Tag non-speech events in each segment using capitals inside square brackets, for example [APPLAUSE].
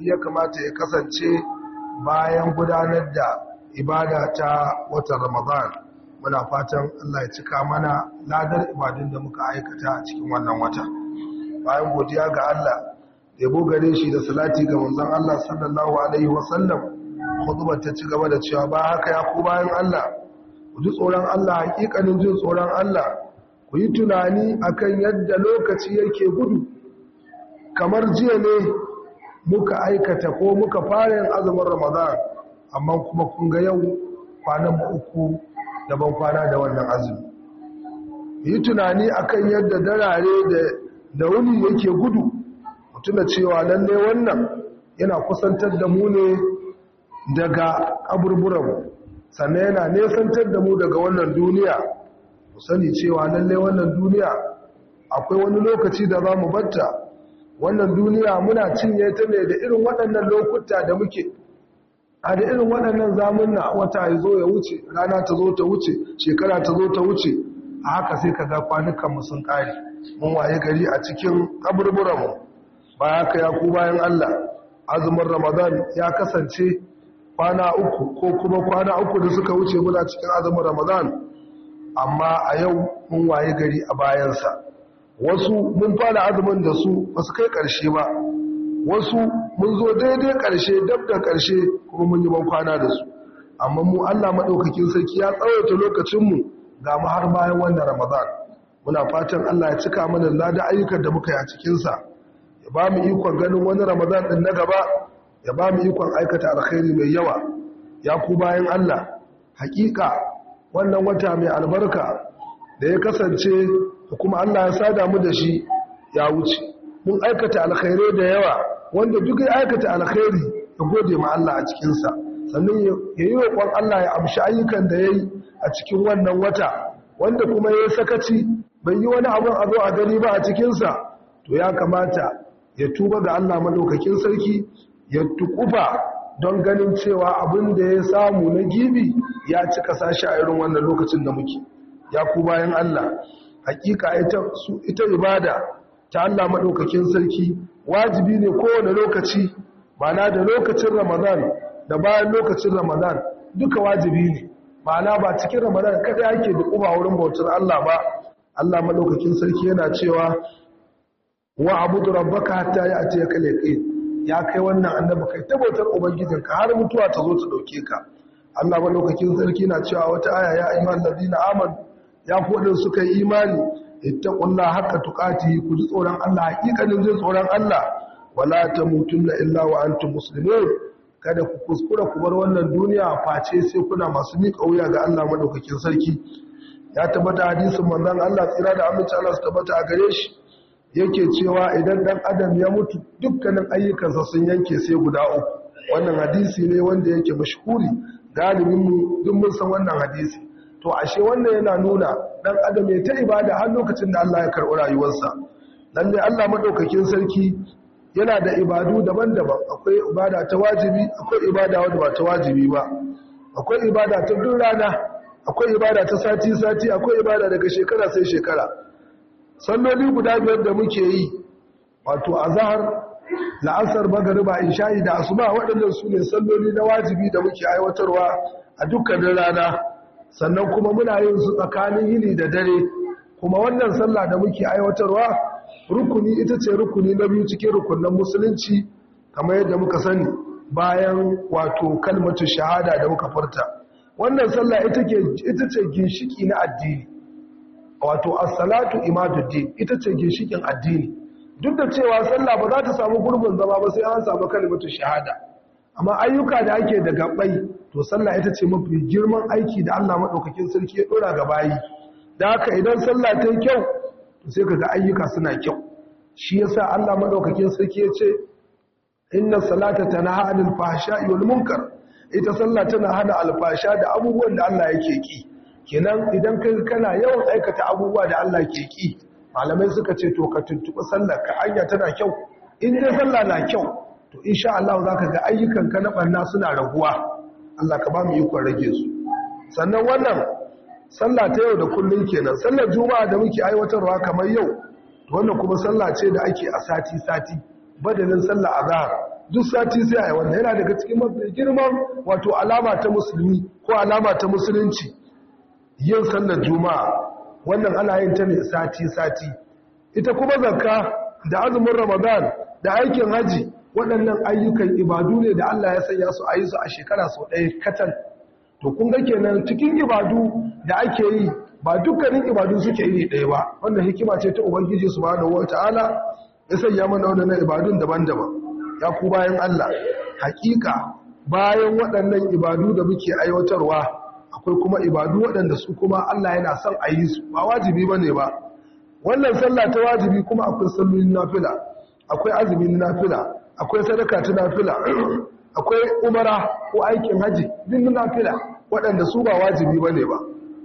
musulmi ya kamata ya kasance bayan gudanar da ibada ta watan ramadan muna fatan allah ya cika mana ladar ibadun da muka aikata a cikin wannan wata bayan godiya ga allah da yabo gare shi da salati ga manzon allah sallallahu alaihi wasallam hudubar ta ci gaba da cewa ba haka ya ku bayan allah ku ji tsoron allah hakikanin jin tsoron allah ku yi tunani akan yadda lokaci yake gudu kamar jiya ne muka aikata ko muka fara yin azumin ramadan amma kuma kun ga yau kwanan uku da ban kwana da wannan azumi yi tunani akan yadda darare da wuni yake gudu mutuna cewa lalle wannan yana kusantar da mu ne daga kaburburan sannan yana nesantar da mu daga wannan duniya mu sani cewa lalle wannan duniya akwai wani lokaci da za mu batta wannan duniya muna cinye ta ne da irin waɗannan lokuta da muke a da irin waɗannan zamunna wata ya zo ya wuce rana ta zo ta wuce shekara ta zo ta wuce a haka sai ka ga kwanukanmu sun ƙare mun waye gari a cikin kaburburanmu ba haka ya ku bayan Allah azumin ramadan ya kasance kwana uku ko kuma kwana uku da suka wuce muna cikin azumin ramadan amma a yau mun waye gari a bayansa wasu mun fara azumin da su ba kai ƙarshe ba wasu mun zo daidai ƙarshe dab da karshe kuma mun yi ban kwana da su amma mu Allah maɗaukakin sarki ya tsawaita lokacinmu ga mu har bayan wannan ramadan muna fatan Allah ya cika mana lada ayyukan da muka yi a cikinsa ya ba mu ikon ganin wani ramadan ɗin na gaba ya ba mu ikon aikata alkhairi mai yawa ya ku bayan Allah hakika wannan wata mai albarka da ya kasance kuma Allah ya sada mu da shi ya wuce mun aikata alkhairai da yawa wanda duk ya aikata alkhairi ya gode ma Allah a cikinsa sannan ya yi roƙon Allah ya amshi ayyukan da ya yi a cikin wannan wata wanda kuma ya sakaci bai yi wani abun a zo a gani ba a cikinsa to ya kamata ya tuba ga Allah madaukakin sarki ya tukufa don ganin cewa abin da ya samu na gibi ya cika sashi a irin wannan lokacin da muke ya ku bayan Allah hakika ita ibada ta Allah maɗaukakin sarki wajibi ne kowane lokaci ma'ana da lokacin ramadan da bayan lokacin ramadan duka wajibi ne ma'ana ba cikin ramadan kada yake da kuma wurin bautar Allah ba Allah madaukakin sarki yana cewa wa abudu rabbaka hatta ya'tiyaka ka leƙe, ya kai wannan annabi kai tabbatar ka har mutuwa ta zo ta dauke ka Allah madaukakin sarki na cewa wata aya ya ayyuhal ladina amanu ya kodin suka yi imani ita haka tukati ku ji tsoron Allah hakikanin ji tsoron Allah wala ta mutum na illa wa antum musulmi kada ku kuskura ku bar wannan duniya face sai kuna masu miƙa wuya ga Allah maɗaukakin sarki ya tabbata hadisin manzon Allah tsira da aminci Allah su tabbata a gare shi yake cewa idan dan adam ya mutu dukkanin ayyukansa sun yanke sai guda uku wannan hadisi ne wanda yake mashhuri galibin mu duk mun san wannan hadisi to ashe wannan yana nuna dan adam ya ta ibada har lokacin da Allah ya karɓi rayuwarsa Dan ne Allah madaukakin sarki yana da ibadu daban-daban akwai ibada ta wajibi akwai ibada wadda ba ta wajibi ba akwai ibada ta duk rana akwai ibada ta sati-sati akwai ibada daga shekara sai shekara salloli guda biyar da muke yi wato azhar la'asar magariba insha'i, da asuba waɗannan su ne salloli na wajibi da muke aiwatarwa a dukkanin rana sannan kuma muna yin su tsakanin yini da dare kuma wannan sallah da muke aiwatarwa rukuni ita ce rukuni na biyu cikin rukunan musulunci kamar yadda muka sani bayan wato kalmatu shahada da muka furta wannan sallah ita ce ginshiki na addini wato as-salatu imaduddin ita ce ginshikin addini duk da cewa sallah ba za ta samu gurbin zama ba sai an samu kalmatu shahada amma ayyuka da ake da gabai to sallah ita ce mafi girman aiki da Allah madaukakin sarki ya dora ga bayi da haka idan sallah ta yi kyau to sai kaga ayyuka suna kyau shi yasa Allah madaukakin sarki ya ce inna salata tanaha anil fahsha'i wal munkar ita sallah tana hana alfasha da abubuwan da Allah yake ki kenan idan kai kana yawan aikata abubuwa da Allah ke ki malamai suka ce to ka tuntuba sallah ka hanya tana kyau in dai sallah na kyau to insha Allah za ka ga ayyukan ka na ɓanna suna raguwa Allah ka ba mu ikon rage su sannan wannan sallah ta yau da kullum kenan sallar juma'a da muke aiwatarwa kamar yau to wannan kuma sallah ce da ake a sati sati badalin sallah azhar duk sati sai a yi wannan yana daga cikin mafi girman wato alama ta musulmi ko alama ta musulunci yin sallar juma'a wannan ana yin ta ne sati sati ita kuma zakka da azumin ramadan da aikin haji waɗannan ayyukan ibadu ne da Allah ya sanya su a yi su a shekara sau ɗaya katal to kun ga kenan cikin ibadu da ake yi ba dukkanin ibadu suke iri ɗaya ba wannan hikima ce ta ubangiji subhanahu wata'ala ya sanya mana waɗannan ibadun daban-daban ya ku bayan Allah hakika bayan waɗannan ibadu da muke aiwatarwa akwai kuma ibadu waɗanda su kuma Allah yana son a yi su ba wajibi ba ne ba wannan sallah ta wajibi kuma akwai sallolin nafila akwai azumin nafila akwai sadaka ta nafila [CLEARS THROAT] akwai umara ko aikin haji din nafila waɗanda su ba wajibi bane ba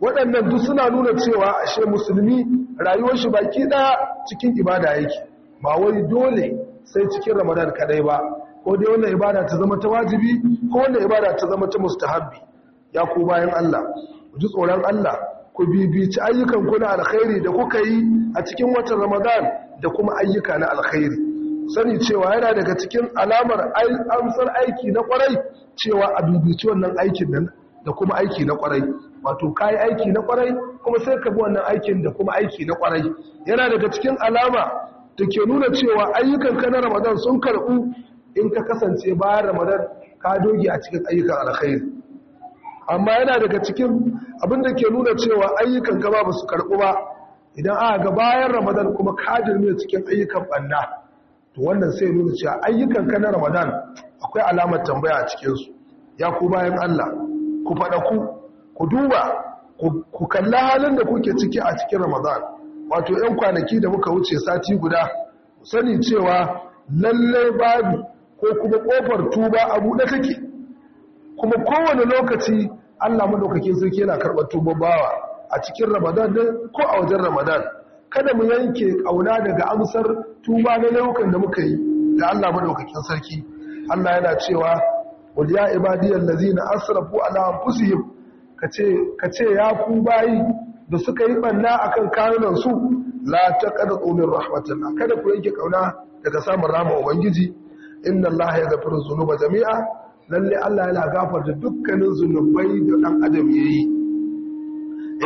waɗannan duk suna nuna cewa ashe musulmi rayuwar shi baki ɗaya cikin ibada yake ba wai dole sai cikin ramadan kadai ba ko dai wannan ibada ta zama ta wajibi ko wannan ibada ta zama ta mustahabbi ya ku bayan Allah ku ji tsoron Allah ku bibici ayyukan ku na alkhairi da kuka yi a cikin watan ramadan da kuma ayyuka na alkhairi sani cewa yana daga cikin alamar amsar aiki na kwarai cewa a dubici wannan aikin nan da kuma aiki na kwarai wato kayi aiki na kwarai kuma sai ka bi wannan aikin da kuma aiki na kwarai yana daga cikin alama da ke nuna cewa ayyukan ka na ramadan sun karɓu in ka kasance bayan ramadan ka doge a cikin ayyukan alkhairi amma yana daga cikin abin da ke nuna cewa ayyukan ka ba su karɓu ba idan aka ga bayan ramadan kuma ka jirme cikin ayyukan banna to wannan sai nuna cewa ayyukan ka na ramadan akwai alamar tambaya a cikinsu ya ku bayan allah ku faɗa ku ku duba ku kalla halin da kuke ciki a cikin ramadan wato 'yan kwanaki da muka wuce sati guda sani cewa lallai babu ko kuma ƙofar tuba a buɗe take kuma kowane lokaci allah maɗaukakin sarki yana karɓar tubabawa a cikin ramadan ko a wajen ramadan kada mu yanke ƙauna daga amsar tuba na laifukan da muka yi da Allah maɗaukakin sarki Allah yana cewa wal ya ibadiyal ladzina asrafu ala anfusihim kace kace ya ku bayi da suka yi banna akan kanunan su la taqadu min rahmatillah kada ku yanke kauna daga samun rahama ubangiji inna Allah yaghfiru dhunuba jami'a lalle Allah yana gafarta dukkanin zunubai da dan adam yayi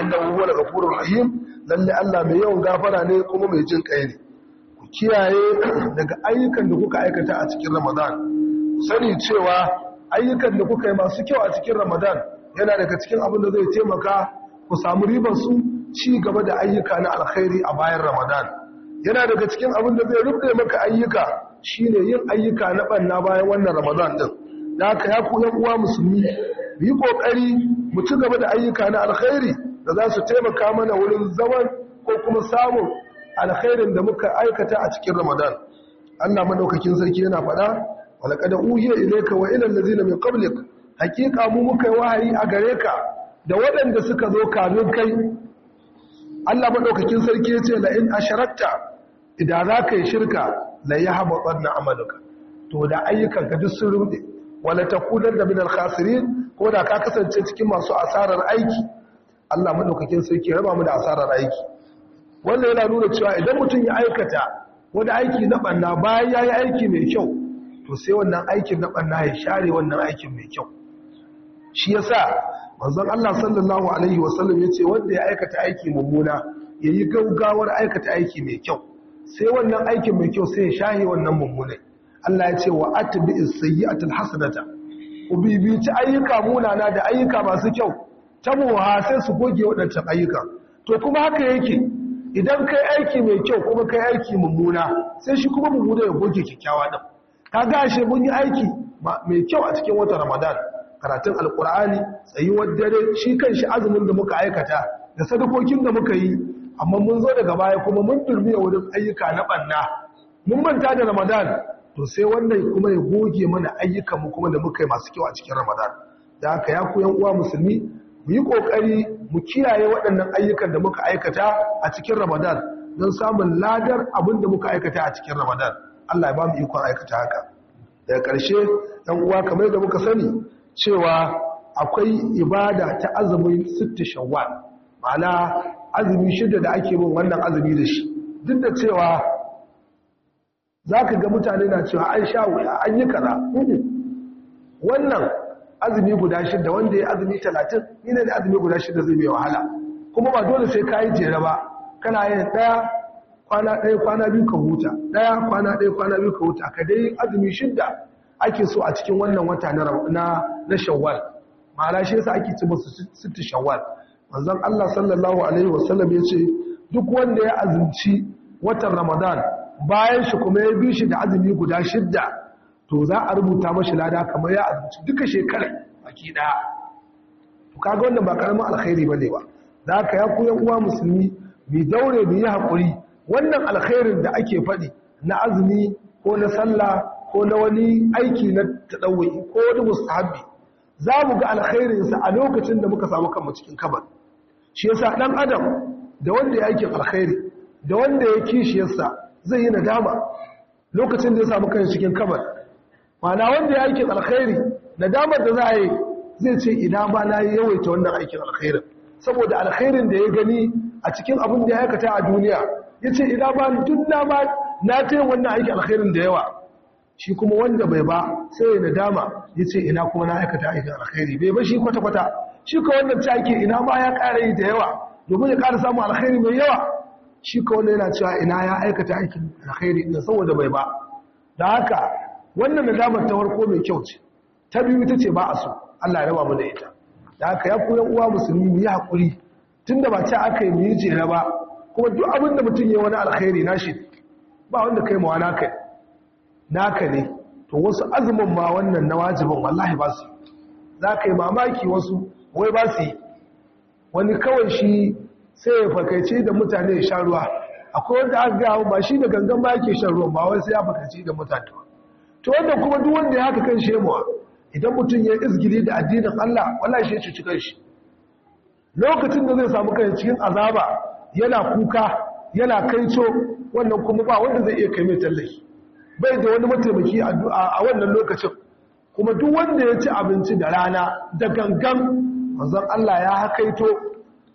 inda wuwa al-ghafurur rahim lalle Allah mai yawan gafara ne kuma mai jin kai ne ku kiyaye daga ayyukan da kuka aikata a cikin ramadan sani cewa ayyukan da kuka yi masu kyau a cikin ramadan yana daga cikin abin da zai taimaka ku samu ribar su ci gaba da ayyuka na alkhairi a bayan ramadan yana daga cikin abin da zai rufe maka ayyuka shine yin ayyuka na banna bayan wannan ramadan din da haka ya ku yan uwa musulmi yi kokari mu ci gaba da ayyuka na alkhairi da za su taimaka mana wurin zaman ko kuma samun alkhairin da muka aikata a cikin ramadan allah madaukakin sarki yana faɗa walakada uhiya ilaika wa ilal ladzina min qablik hakika mu muka yi wahayi a gare ka da waɗanda suka zo kafin kai allah maɗaukakin sarki yace la in asharakta idan za ka yi shirka la yahbatanna amaluka to da ayyukanka duk sun rude wala takunan da minal khasirin ko da ka kasance cikin masu asarar aiki Allah maɗaukakin sarki raba mu da asarar aiki wanda yana nuna cewa idan mutum ya aikata wani aiki na ɓanna, bayan ya yi aiki mai kyau to sai wannan aikin na ɓanna ya share wannan aikin mai kyau shi ya yasa manzon Allah sallallahu alaihi wasallam ce, wanda ya aikata aiki mummuna yi gaugawar aikata aiki mai kyau sai wannan aikin mai kyau sai ya share wannan mummunai Allah ya ce wa atbi sayi atal hasanata bibici ayyuka munana da ayyuka masu kyau ta muha sai su goge waɗancan ayyuka to kuma haka yake idan kai aiki mai kyau kuma kai aiki mummuna sai shi kuma mummuna ya goge kyakkyawa din ka shi mun yi aiki mai kyau a cikin watan ramadan karatun alkur'ani tsayuwar dare shi kan shi azumin da muka aikata da sadakokin da muka yi amma mun zo daga baya kuma mun a wurin ayyuka na ɓanna. mun manta da ramadan to sai wannan kuma ya goge mana mu kuma da muka yi masu kyau a cikin ramadan da haka ya yan uwa musulmi mu yi ƙoƙari mu kiyaye waɗannan ayyukan da muka aikata a cikin ramadan don samun ladar abin da muka aikata a cikin ramadan allah ya ba mu ikon aikata haka daga ƙarshe ɗan uwa kamar da muka sani cewa akwai ibada ta azumin sitti shawwal ma'ana azumi shida da ake bin wannan azumi da shi duk da cewa za ka ga mutane na cewa an sha wuya an yi kaza wannan azumi guda shida wanda ya azumi talatin ni ne da azumi guda shida zai mai wahala kuma ba dole sai ka yi jere ba kana yin ɗaya kwana ɗaya kwana biyu ka huta ɗaya kwana ɗaya kwana biyu ka huta ka dai azumi shida ake so a cikin wannan wata na na shawwal ma'ana shi yasa ake ce musu sittu shawwal manzon Allah sallallahu alaihi wasallam ya ce duk wanda ya azumci watan Ramadan bayan shi kuma ya bi shi da azumi guda shida to za a rubuta mashi lada kamar ya abinci duka shekarar baki daya to kaga wannan ba karamin alkhairi bane ba za ka ya koyan uwa musulmi mu daure mu yi hakuri wannan alkhairin da ake faɗi na azumi ko na sallah ko na wani aiki na taɗawai ko wani musahabi za mu ga sa a lokacin da muka samu kanmu cikin kabar shi yasa dan adam da wanda ya aikin alkhairi da wanda ya kishiyarsa zai yi nadama lokacin da ya samu kanshi cikin kabar mana wanda ya aikin alkhairi da damar da za a yi zai ce ina ba na yawaita wannan aikin alkhairin saboda alkhairin da ya gani a cikin abin da ya aikata a duniya ya ce ina ba duk na na ta yin wannan aikin alkhairin da yawa shi kuma wanda bai ba sai ya nadama ya ce ina kuma na aikata aikin alkhairi bai ba shi kwata-kwata shi ka wannan ta ake ina ma ya ƙara yi da yawa domin ya ƙara samun alkhairi mai yawa shi ka wannan yana cewa ina ya aikata aikin alkhairi da saboda bai ba da haka wannan nadamar ta warko mai kyau ce ta biyu ita ce ba a so Allah ya raba mu ita da haka ya koyan uwa musulmi mu yi hakuri tunda ba ce aka yi mu yi jera ba kuma duk abin da mutum ya wani alkhairi na shi ba wanda kai mawa naka naka ne to wasu azumin ma wannan na wajibin wallahi ba su za ka yi mamaki wasu wai ba su wani kawai shi sai ya fakaice da mutane ya sha ruwa akwai wanda aka gawo ba shi da gangan ba yake shan ruwan ba wai sai ya fakaice da mutane to wanda kuma duk wanda ya haka kan shemuwa idan mutum ya izgili da addinin Allah wallahi shi ya cikin shi. lokacin da zai samu kai cikin azaba yana kuka yana kaico wannan kuma ba wanda zai iya kai mai tallafi bai da wani mataimaki a wannan lokacin kuma duk wanda ya ci abinci da rana da gangan manzon Allah ya hakaito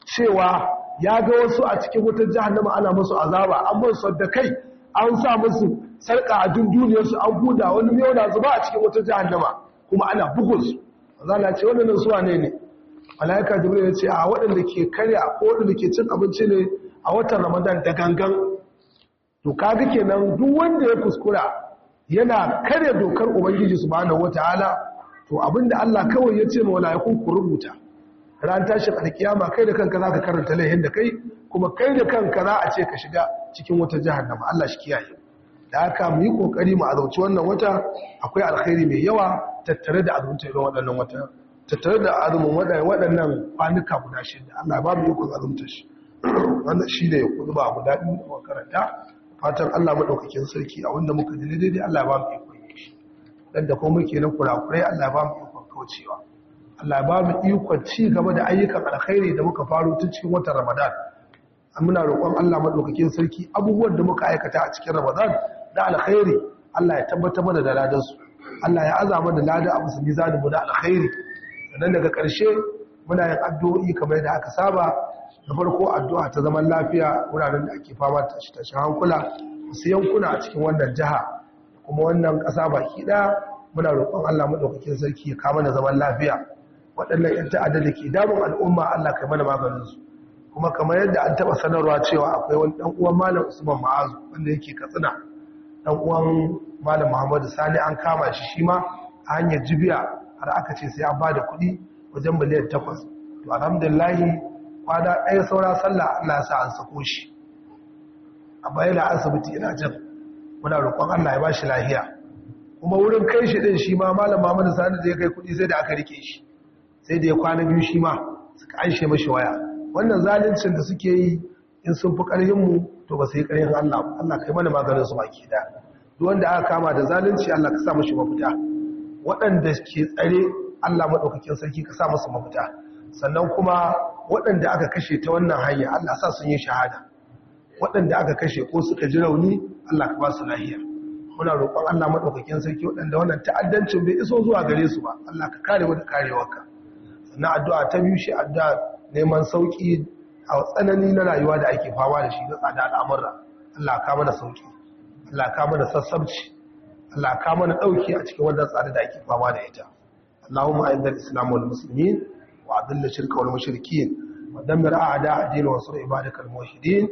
cewa ya ga wasu a cikin wutar jahannama ana musu azaba an musu da kai an sa musu Sarka a dunduniyarsu an huda wani yau da zuba a cikin wata jahannama kuma ana bugunsu zana ce waɗannan suwa ne ne malaika jibril ya ce a waɗanda ke karya ko waɗanda ke cin abinci ne a watan ramadan da gangan to kaga kenan duk wanda ya kuskura yana karya dokar ubangiji subhanahu wataala to abinda Allah kawai ya ce ma malaiku ku rubuta ran tashin alkiyama kai da kanka zaka karanta laihin da kai kuma kai da kanka za a ce ka shiga cikin wata jahannama Allah shi kiyaye da aka mu yi kokari mu azauci wannan wata akwai alkhairi mai yawa tattare da azumta irin waɗannan wata tattare da azumin waɗannan kwanuka guda shi da Allah ba mu yi kun azumta shi wannan shi da ya kudu ba guda ɗin da makaranta fatan Allah maɗaukakin sarki a wanda muka ji daidai Allah ba mu yi kun shi ɗan da kuma ke na kurakurai Allah ba mu yi kun kaucewa Allah ba mu yi kun ci gaba da ayyukan alkhairi da muka faro tun cikin watan Ramadan muna roƙon Allah maɗaukakin sarki abubuwan da muka aikata a cikin Ramadan na alkhairi Allah ya tabbatar mana da ladan su Allah ya aza mana ladan a yi mizanin mu na alkhairi sannan daga ƙarshe muna yin addu'o'i kamar da aka saba da farko addu'a ta zaman lafiya wuraren da ake fama ta shi hankula su yankuna a cikin wannan jiha kuma wannan ƙasa baki ɗaya muna roƙon Allah maɗaukakin sarki ya kama da zaman lafiya waɗannan ƴan ta'adda da ke damun al'umma Allah kai mana maganinsu kuma kamar yadda an taɓa sanarwa cewa akwai wani ɗan uwan malam usman ma'azu wanda yake katsina dan uwan malam muhammadu sani an kama shi shi ma a hanyar jibiya har aka ce sai an ba da kuɗi wajen miliyan takwas to alhamdulillahi kwana ɗaya saura sallah allah sa an sako shi a bayan asibiti ina jan. muna roƙon allah ya ba shi lahiya kuma wurin kai shi ɗin shi ma malam muhammadu sani da ya kai kuɗi sai da aka rike shi sai da ya kwana biyu shi ma suka anshe mashi waya wannan zaluncin da suke yi in sun fi mu to ba sai yi Allah Allah kai mana maganin su baki da duk wanda aka kama da zalunci Allah ka sa mushi mafita waɗanda ke tsare Allah madaukakin sarki ka sa musu mafita sannan kuma waɗanda aka kashe ta wannan hanya Allah sa sun yi shahada waɗanda aka kashe ko suka ji rauni Allah ka ba su lafiya muna roƙon Allah madaukakin sarki waɗanda wannan ta'addancin bai iso zuwa gare su ba Allah ka kare wa da karewarka sannan addu'a ta biyu shi addu'a neman sauki a tsanani na rayuwa da ake fama da shi na tsada al'amurra Allah ka mana sauki Allah kama mana sassabci Allah kama mana ɗauki a cikin wannan tsada da ake fama da ita Allahumma a'inna al-islam wal muslimin wa adilla shirka wal mushrikeen wa dammir a'da ad-din wa sur ibadak al-muwahhidin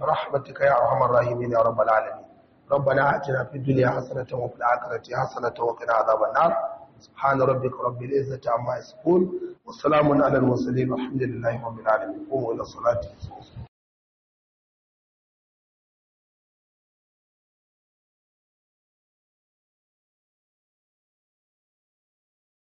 برحمتك يا ارحم الراحمين يا رب العالمين ربنا آتنا في الدنيا حسنة وفي الآخرة حسنة وقنا عذاب النار سبحان ربك رب العزة عما يصفون wasalamun alal wasalin alhamdulillahi wa bin alamin wani salati